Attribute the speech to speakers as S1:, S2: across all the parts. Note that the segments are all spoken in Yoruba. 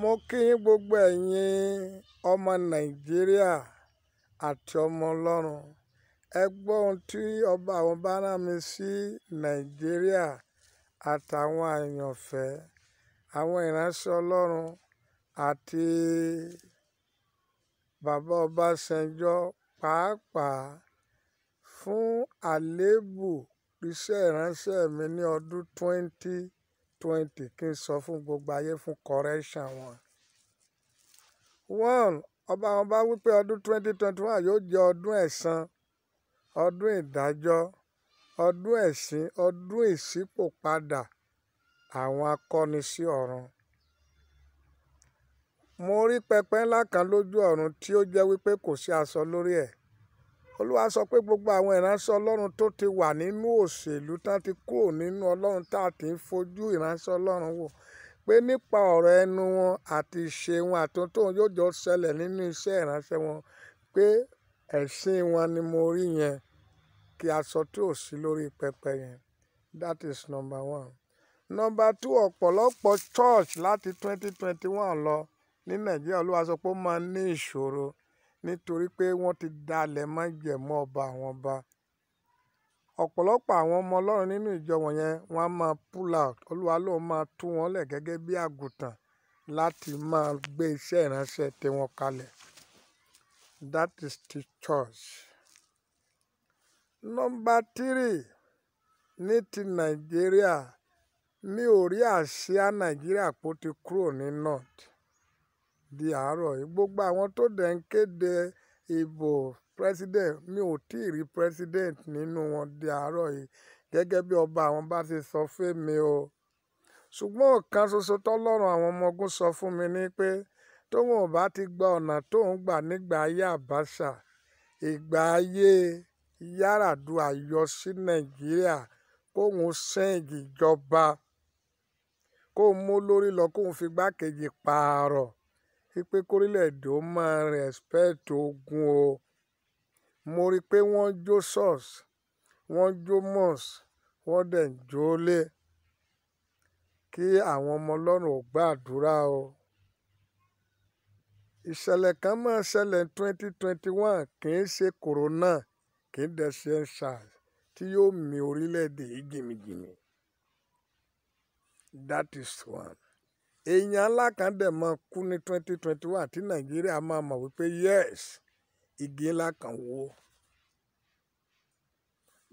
S1: mo kí yín gbogbo ẹ̀yin ọmọ nàìjíríà àti ọmọ ọlọ́run ẹ gbọ́ ohun tí ọba àwọn bá mi sí nàìjíríà àtàwọn àyànfẹ́ àwọn ìránṣẹ́ ọlọ́run àti bàbá ọbásanjọ́ pàápàá fún àléébù iṣẹ́ ìránṣẹ́ mi ní ọdún twenty twenty kí n sọ fún gbogbo ayé fún correction wọn. one ọba àwọn bá wípé ọdún twenty twenty one yóò jẹ́ ọdún ẹ̀san ọdún ìdájọ́ ọdún ẹ̀sìn ọdún ìṣípòpadà àwọn akọni sí ọ̀run. mo rí pẹpẹ ńlá kan lójú ọ̀run tí ó jẹ́ wípé kò sí aṣọ lórí ẹ̀. E olúwa sọ pé gbogbo àwọn ìránṣẹ́ ọlọ́run tó ti wà nínú òṣèlú tán ti kúrò nínú ọlọ́run tá ti ń fojú ìránṣẹ́ ọlọ́run wò pé nípa ọ̀rọ̀ ẹnu wọn àti ìṣe wọn àtúntòun yóò jọ ṣẹlẹ̀ nínú iṣẹ́ ìránṣẹ́ wọn pé ẹ̀sìn wọn ni mo rí yẹn kí aṣọ tí ò sí lórí pẹpẹ yẹn that is number one. number two ọ̀pọ̀lọpọ̀ church láti twenty twenty one lọ ní nàìjíríà olúwa sọ pé ó máa ní ìṣòro nítorí pé wọ́n ti dalẹ̀ mọ́ ọba àwọn ọba ọ̀pọ̀lọpọ̀ àwọn ọmọ ọlọ́run nínú ìjọ wọ̀nyẹn wọ́n á máa pull out olúwa lóun máa tú wọn lẹ̀ gẹ́gẹ́ bí àgùntàn láti máa gbé iṣẹ́ ìránṣẹ́ tiwọn kalẹ̀ that is the church. nọ́mbà tírì ní ti nàìjíríà mi ò rí àsíá nàìjíríà kó ti kúrò ní north di àárọ̀ yìí gbogbo àwọn tó dẹ̀ ń kéde ìbò president mi ò tí ì rí president nínú wọn di àárọ̀ yìí gẹ́gẹ́ bí ọba àwọn bá ti sọ fẹ́mi o ṣùgbọ́n ọ̀kan ṣoṣo tọ́lọ́run àwọn ọmọ ogun sọ fún mi ni pé tóun ò bá ti gba ọ̀nà tóun gbà nígbà ayé Abacha ìgbà ayé Yar'Adua yọ sí Nàìjíríà kóun sẹ́yìn ìjọba kóun mú lórí lọ kóun fi gbákejì pààrọ̀ wípé kórílẹ̀-èdè ó máa respect ogun o. Mo rí pé wọ́n jó church, wọ́n jó mosque, wọ́n dẹ̀ ń jó ilé. Kí àwọn ọmọ Ọlọ́run ó gbàdúrà o. Ìṣẹ̀lẹ̀ kan máa ṣẹlẹ̀ ní 2021 kì í ṣe corona, kì í dẹ̀ ṣe SARS tí yóò mi orílẹ̀-èdè yìí jìnìjìnì. That is one. èèyàn ńlá kan dẹ̀ kú ní twenty twenty one tí nàìjíríà máa mọ̀ wípé yes igi ńlá kan wó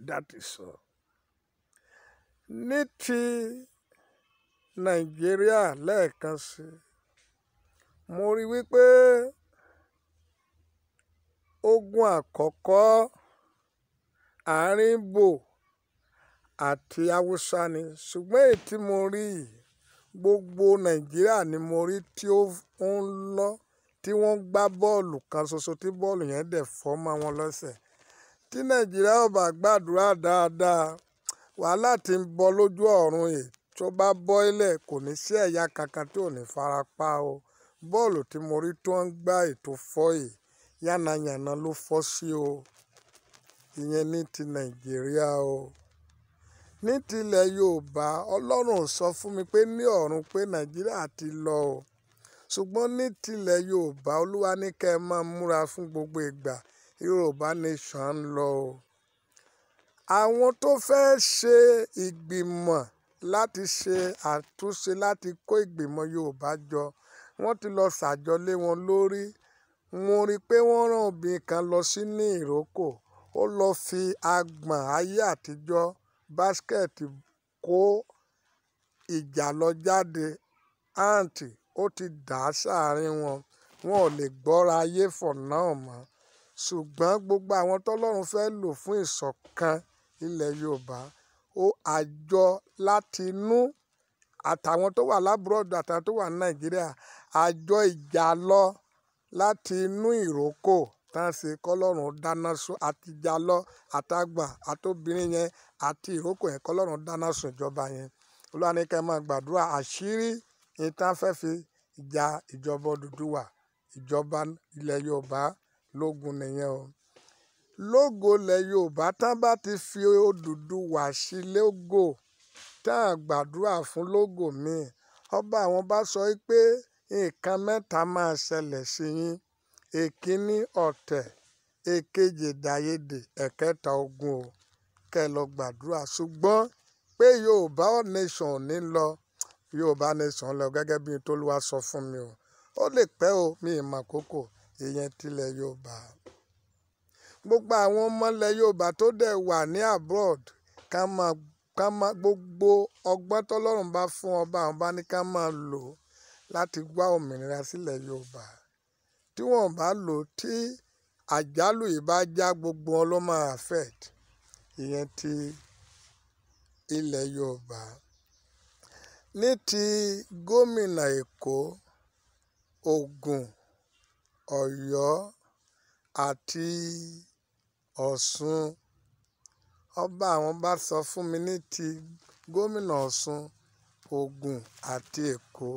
S1: that is all. ní ti nàìjíríà lẹ́ẹ̀kan sí mo rí wípé ogun àkọ́kọ́ àárín àti haúsá ni ṣùgbọ́n èyí tí mo rí yìí gbogbo nàìjíríà ni mo rí tí ó ń lọ tí wọ́n gbá bọ́ọ̀lù kan ṣoṣo tí bọ́ọ̀lù yẹn dẹ̀ fọ́ mọ́ wọn lọ́sẹ̀ tí nàìjíríà ò bá gbàdúrà dáadáa wàhálà tí ń bọ̀ lójú ọ̀run yìí tó bá bọ́ kò ní sí ẹ̀yà kankan tí ò ní fara pa o bọ́ọ̀lù tí mo rí tó ń gbá ètò fọ́ yìí yánnayànna ló fọ́ sí o ìyẹn ní ti nàìjíríà o ní tilẹ̀ yorùbá ọlọ́run sọ fún mi pé ní ọ̀run pé nàìjíríà ti lọ o ṣùgbọ́n ní tilẹ̀ yorùbá olúwa ní kẹ́ ẹ máa múra fún gbogbo ìgbà yorùbá nation ń lọ o àwọn tó fẹ́ẹ́ ṣe ìgbìmọ̀ láti ṣe àtúnṣe láti kó ìgbìmọ̀ yorùbá jọ wọ́n ti lọ ṣàjọlé wọn lórí mo rí i pé wọ́n rán obìnrin kan lọ sí ní ìrókò ó lọ́ọ́ fi agbọ̀n ayé àtijọ́ Basket kó ìjàlọ jáde àǹtí ó ti dà á sáàrin wọn wọn ò lè gbọ́ra ayé fọ̀ náà mọ́ ṣùgbọ́n gbogbo àwọn tọ́lọ́run fẹ́ lò fún ìṣọ̀kan ilẹ̀ yorùbá ó àjọ láti inú àtàwọn tó wà lábúròdù àtàwọn tó wà ní nàìjíríà àjọ ìjàlọ láti inú ìrókò tá ń ṣe kọ́lọ́run dáná sun àtijọ́ lọ àtàgbà àtòbìnrin yẹn àti ìrókò yẹn kọ́lọ́run dáná sun ìjọba yẹn olúwa máa gbàdúrà àṣírí ìtàn fẹ́ fi ìjà ìjọba Odùduwà ìjọba ilẹ̀ Yorùbá lógun nìyẹn o lógo ilẹ̀ Yorùbá tán bá ti fi Odùduwà sí lógo tán gbàdúrà fún lógo míì ọba àwọn bá sọ pé nǹkan mẹ́ta máa ṣẹlẹ̀ sí yín èkínní ọ̀tẹ̀ èkejì èdèàìyedè ẹ̀kẹta ogun o kẹ́ ẹ lọ gbàdúrà ṣùgbọ́n pé yorùbá nation ní lọ yorùbá nation lọ gẹ́gẹ́ bí tolúwa sọ fún mi o ó lè pẹ́ o mi ì mọ̀ kókò ìyẹn tilẹ̀ yorùbá gbogbo àwọn ọmọ ilẹ̀ yorùbá tó dẹ̀ wà ní abroad ká máa ká máa gbogbo ọgbọ́n tọ́lọ́run bá fún ọba àwọn bá ní ká máa lò láti wá òmìnira sílẹ̀ yorùbá tí wọ́n bá lò ó tí àjálù yìí bá já gbogbo wọn ló máa affect ìyẹn ti ilẹ̀ Yorùbá. ní ti gómìnà Èkó Ògùn Ọ̀yọ́ àti Ọ̀ṣun ọba àwọn bá sọ fún mi ní ti gómìnà Ọ̀ṣun Ògùn àti Èkó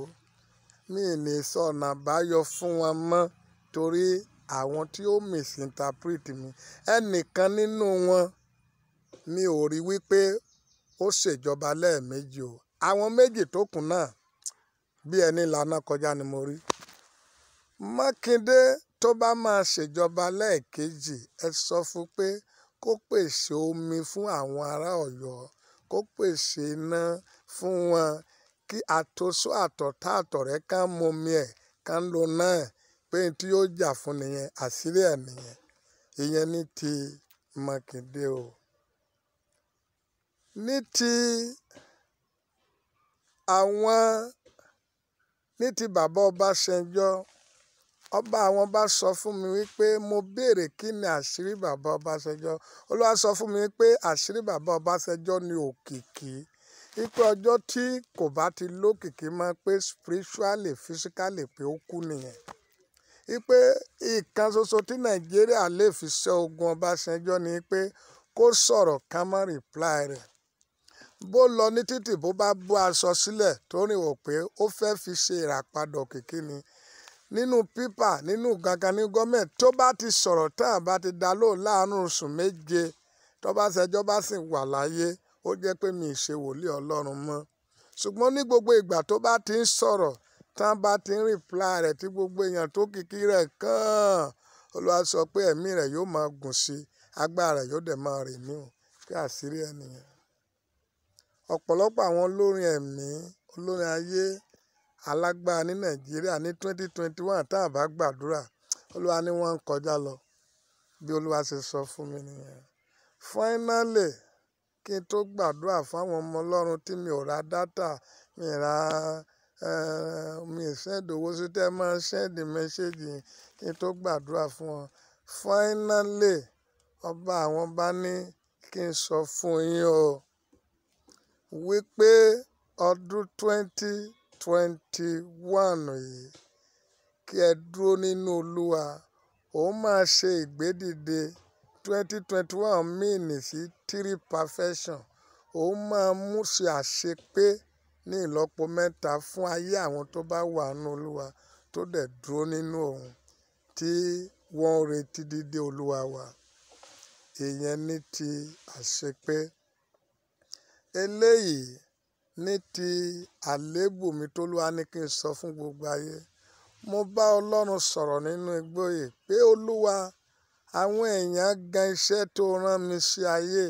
S1: mi ní sọ ọ̀nà fún wọn mọ́ torí àwọn tí ó misinterpret mi ẹnìkan nínú wọn mi ò rí wípé ó ṣèjọba lẹ́ẹ̀mejì o àwọn méjì tó kù náà bí ẹni lànà kọjá ni mo rí mákindé tó bá máa ṣèjọba lẹ́ẹ̀kejì ẹ sọ fún pé kó pèsè omi fún àwọn ará ọ̀yọ́ kó pèsè iná fún wọn kí àtòsó àtọ̀tá àtọ̀rẹ́ kan mọmi ẹ̀ kan lò náà pé tí ó jà fún nìyẹn àṣírí ẹ̀ nìyẹn ìyẹn ní ti Mákindé o ní ti àwọn ní ti bàbá Ọbásanjọ́ ọba àwọn bá sọ fún mi wípé mo béèrè kí ni àṣírí bàbá Ọbásanjọ́ olúwa sọ fún mi wípé àṣírí bàbá Ọbásanjọ́ ni òkìkí wípé ọjọ́ tí kò bá ti lókìkí mọ́ pé spiritually physically pé ó kú nìyẹn Ipe ìkan ṣoṣo tí nàìjíríà lè fi ṣe ogun ọbásanjọ́ ni pé kó sọ̀rọ̀ ká má rìpláì rẹ̀ bó lọ ní títì bó bá bó aṣọ sílẹ̀ tó rìn wò pé ó fẹ́ fi ṣe ìràpadà òkìkí ni nínú pípà nínú gangan ní gọ́ọ̀mẹ̀ntì tó bá ti sọ̀rọ̀ tán bá ti dá lóò láàánú oṣù méje tó bá ṣẹjọ́ bá sì wà láyé ó jẹ́ pé mi ì ṣe wòlíì ọlọ́run mọ́ ṣùgbọ́n ní gbogbo ìgbà tó bá ti ń sọ̀rọ̀ tán bá ti ń reply rẹ̀ tí gbogbo èèyàn tó kìkì rẹ̀ kàn olúwa sọ pé ẹ̀mí rẹ̀ yóò máa gùn sí agbára rẹ̀ yóò dẹ̀ máa rìn mí o kí àṣírí ẹ̀ nìyẹn ọ̀pọ̀lọpọ̀ àwọn olórin ẹ̀mí olórin ayé alágbára ní nàìjíríà ní twenty twenty one tá a bá gbàdúrà olúwa ni wọ́n ń kọjá lọ bí olúwa ṣe sọ fún mi nìyẹn finally kí n tó gbàdúrà fáwọn ọmọ ọlọ́run tí mi ò ra dátà mi ra Eh, mi send owó sí tẹ́ máa send message yìí kí n tó gbàdúrà fún ọ. Finally, ọba àwọn bá ní kí n sọ fún yín o wípé ọdún twenty twenty one yìí kí ẹ dúró nínú Olúwa òun máa ṣe ìgbédìde twenty twenty one mìíní sí three perfection òun máa mú ṣe àṣepé ní ìlọ́po mẹ́ta fún ayé àwọn tó bá wà nínú olúwa tó dẹ̀ dúró nínú òun tí wọ́n retí dídé olúwa wa ìyẹn ní ti àṣepé eléyìí ní ti àléébù mi tó lúwa ní kí n sọ fún gbogbo ayé mo bá ọlọ́run sọ̀rọ̀ nínú igbó yìí pé olúwa àwọn èèyàn gan iṣẹ́ tó rán mi sí ayé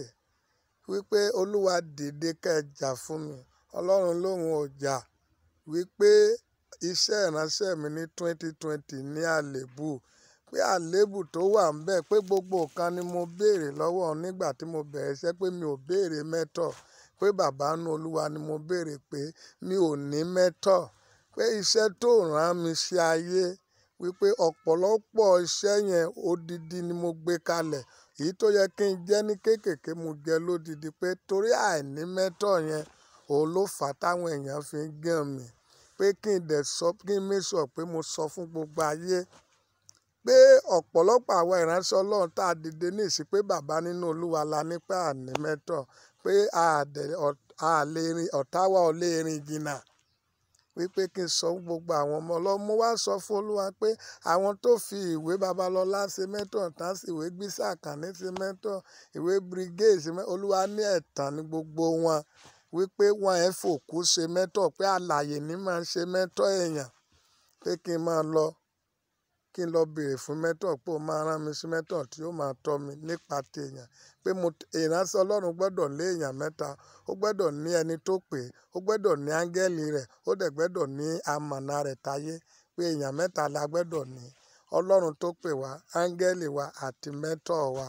S1: wípé olúwa dìde kẹjà fún mi ọlọ́run lòun ò jà wípé iṣẹ́ ìránṣẹ́ mi ní 2020 ní àlébù pé àlébù tó wà ń bẹ̀ pé gbogbo nǹkan ni mo béèrè lọ́wọ́ nígbà tí mo bẹ̀rẹ̀ iṣẹ́ pé mi ò béèrè mẹ́tọ̀ pé bàbá nu olúwa ni mo béèrè pé mi ò ní mẹ́tọ̀ pé iṣẹ́ tó rán mi ṣe ayé wípé ọ̀pọ̀lọpọ̀ iṣẹ́ yẹn odidi ni mo gbé kalẹ̀ èyí tó yẹ kí n jẹ́ ní kéékèèké mo jẹ lódidi pé torí àìní mẹ́tọ̀ yẹn òun ló fà á táwọn èèyàn fi ń gàn mí pé kí n dẹ̀ sọ kí n make sure pé mo sọ fún gbogbo ayé pé ọ̀pọ̀lọpọ̀ àwọn ìránṣẹ́ ọlọ́run tá a dìde ní ìsìn pé bàbá nínú olúwa la nípa àní mẹ́tọ̀ pé ọ̀tá wa ò lè rìn jìnnà wípé kí n sọ gbogbo àwọn ọmọ ọlọ́mú wá sọ fún olúwa pé àwọn tó fi ìwé babalọ́lá ṣe mẹ́tọ̀ tá sí ìwé gbísà ṣe mẹ́tọ̀ ìwé brigade ṣe mẹ́tọ̀ olúwa ní ẹ̀tàn ní gbogbo wọn wípé wọ́n ẹ̀ fòkú ṣe mẹ́tọ̀ pé àlàyé ni máa se ṣe mẹ́tọ̀ èèyàn pé kí n máa lọ kí n lọ béèrè fún mẹ́tọ̀ pé ó máa rán mi sí mẹ́tọ̀ tí ó máa tọ́ mi nípa ti pé mo ìránṣẹ́ Ọlọ́run gbọ́dọ̀ lé èèyàn mẹ́ta ó gbọ́dọ̀ ní ẹni tó pè é ó gbọ́dọ̀ ní áńgẹ́lì rẹ̀ ó dẹ̀ gbọ́dọ̀ ní amọ̀nà rẹ̀ táyé pé èèyàn mẹ́ta la gbọ́dọ̀ ní Ọlọ́run tó pè wá wa àti mẹ́tọ̀ wa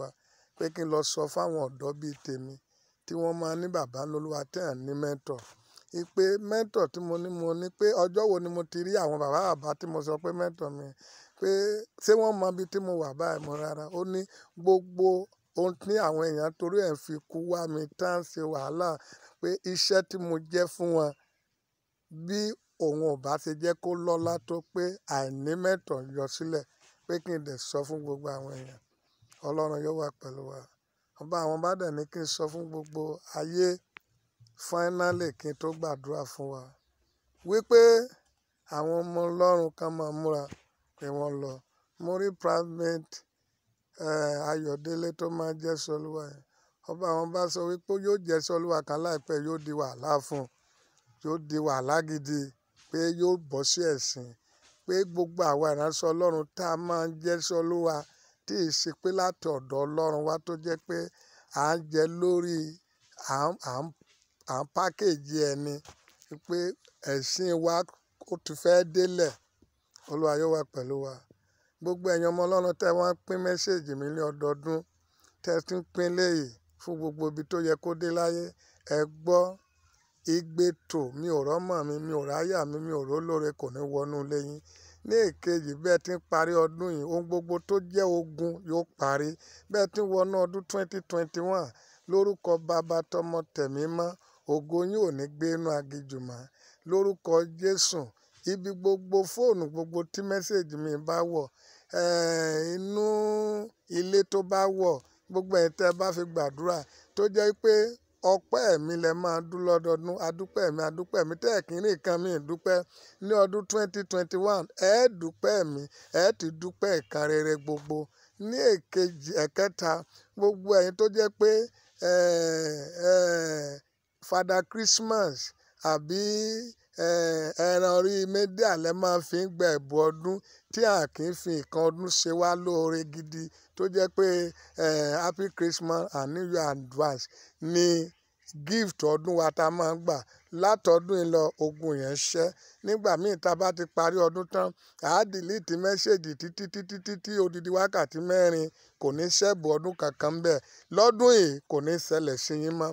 S1: wa pé kí n lọ sọ fáwọn ọ̀dọ́ bíi tèmi tí wọ́n máa ní bàbá lolúwa tí à ń ní mẹ́ńtọ̀ ipe mẹ́ńtọ̀ tí mo ní mo ní pé ọjọ́ wo ni mo ti rí àwọn bàbá bàbá tí mo sọ pé mẹ́ńtọ̀ mi pé ṣé wọ́n mọ ibi tí mo wà báyìí mo rárá ó ní gbogbo ohun tí àwọn èèyàn torí ẹ̀ fi kú wá mi tá à ń ṣe wàhálà pé iṣẹ́ tí mo jẹ́ fún wọn bí òun ò bá ṣe jẹ́ kó lọ́lá tó pé àìní mẹ́ńtọ̀ yọ sílẹ̀ pé kí n dẹ̀ sọ fún gbogbo àwọn èèyàn Ọlọ́run yóò wà pẹ̀lú wa. Ọba àwọn bá dẹ̀ mí kí n sọ fún gbogbo ayé finally kí n tó gbàdúrà fún wa wípé àwọn ọmọ Ọlọ́run kan máa múra pé wọ́n lọ. Mo rí Primate eh, Ayọ̀délé tó máa ń jẹ́ṣẹ́ Olúwa yẹn. Ọba àwọn bá sọ wípé yóò jẹ́ṣẹ́ Olúwa kan láìpẹ́ yóò di wàhálà fún un, yóò di wàhálà gidi pé yóò bọ́ sí ẹ̀sìn, pé gbogbo àwa ìránṣẹ́ Ọlọ́run tá a máa ń jẹ́ṣẹ́ Olúwa tí ì ṣe pé láti ọ̀dọ̀ Ọlọ́run wá tó jẹ́ pé à ń jẹ lórí à ń pákéjì ẹni pé ẹ̀sìn wa ó ti fẹ́ délẹ̀ Olúwa yóò wà pẹ̀lú wa gbogbo ẹ̀yin ọmọ Ọlọ́run tẹ́ wọ́n ń pín mẹ́sẹ̀gì mi ní ọdọọdún tẹ́ ti ń pín léyìí fún gbogbo ibi tó yẹ kó dé láyé ẹ gbọ́ igbe tò mi ò rọ́mọ̀ mi mi ò ráyà mi mi ò rólóore kò ní wọnú lẹ́yìn ní èkejì bẹ́ẹ̀ ti ń parí ọdún yìí ohun gbogbo tó jẹ́ ogun yóò parí bẹ́ẹ̀ ti ń wọnú ọdún 2021 lórúkọ bàbá tọmọ tẹ̀mí mọ́ ògo yín ò ní gbé inú aginjù ibi gbogbo fóònù gbogbo tí mẹ́sẹ̀gì mi bá wọ̀ eh, inú ilé tó bá wọ̀ gbogbo ẹ̀ tẹ́ bá fi gbàdúrà tó jẹ́ pé ọpẹ́ mi lẹ máa dún lọ́dọọdún adúpẹ́ mi adúpẹ́ mi kan mi dúpẹ́ ní ọdún 2021 ẹ dúpẹ́ mi ẹ ti dúpẹ́ rere gbogbo ní èkejì ẹ̀kẹta gbogbo ẹ̀yin tó jẹ́ pé fada Christmas àbí. ẹran orí mídíà lẹ máa fi ń gba ẹ̀bùn ọdún tí a kì í fi nǹkan ọdún ṣe wá lóore gidi tó jẹ́ pé happy Christmas and new year advance ni gift ọdún wa ta máa ń gbà látọdún ìlọ ogun yẹn ṣẹ nígbà míì tá a bá ti parí ọdún tán à á dìlítì mẹ́ṣẹ́jì títí títí títí odidi wákàtí mẹ́rin kò ní ṣẹ́bù ọdún kankan bẹ́ẹ̀ lọ́dún yìí kò ní ṣẹlẹ̀ sí yín mọ́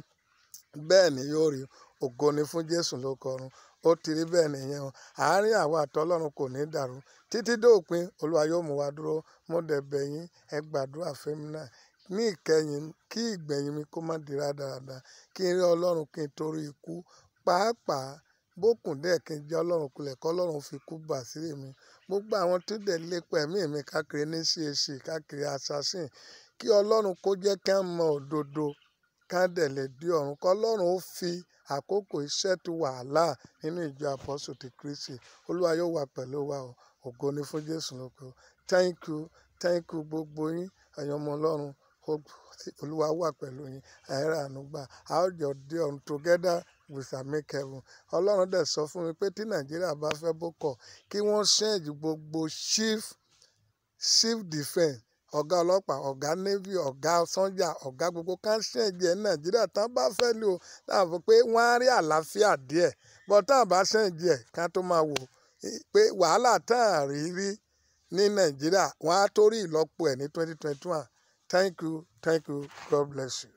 S1: bẹ́ẹ̀ ni yóò rí ògo ni fún Jésù ló kọrun ó ti rí bẹ́ẹ̀ nìyẹn o àárín àwa àtọlọ́run kò ní dàrú títí dóòpin olúwa yóò mú wa dúró mo dẹ̀ bẹ̀ yín ẹ gbàdúrà fẹ́mi náà ní ìkẹyìn kí ìgbẹ̀yìn mi kó má dira dáadáa kí n rí ọlọ́run kí n torí ikú pàápàá bókùn dẹ̀ kí n jẹ́ ọlọ́run kulẹ̀ kọ́ ọlọ́run fi kú bà sílé mi gbogbo àwọn tó dẹ̀ lépa ẹ̀mí mi káàkiri ní ṣíṣe káàkiri assassin kí ọlọ́run kó jẹ́ kí n mọ òdodo kan dẹ̀lẹ̀ dé ọ̀run kọ́lọ́run ó fi àkókò iṣẹ́ ti wàhálà nínú ìjọ àpọ́sù ti Kristi olúwa yóò wà pẹ̀lú wa ògo ni fún Jésù lóko thank you thank you gbogbo yín ẹ̀yin ọmọ ọlọ́run olúwa wà pẹ̀lú yín ẹ̀rọ ànúgbà a ó jọ dé ọ̀run together with amik heaven ọlọ́run dẹ̀ sọ fún mi pé tí nàìjíríà bá fẹ́ bó kọ̀ kí wọ́n ṣẹ́ẹ̀jì gbogbo chief chief defence ọ̀gá ọlọ́pàá ọ̀gá navy ọ̀gá sọ́jà ọ̀gá gbogbo káńsì ẹ̀jẹ̀ nàìjíríà tán bá fẹ́ lò láàfin pé wọ́n á rí àlàáfíà díẹ̀ bọ́ tá à bá sẹ́ǹjì ẹ̀ ká tó máa wò pé wàhálà tá à rí rí ní nàìjíríà wọ́n á tó rí ìlọ́po ẹ̀ ní twenty twenty one thank you thank you god bless you.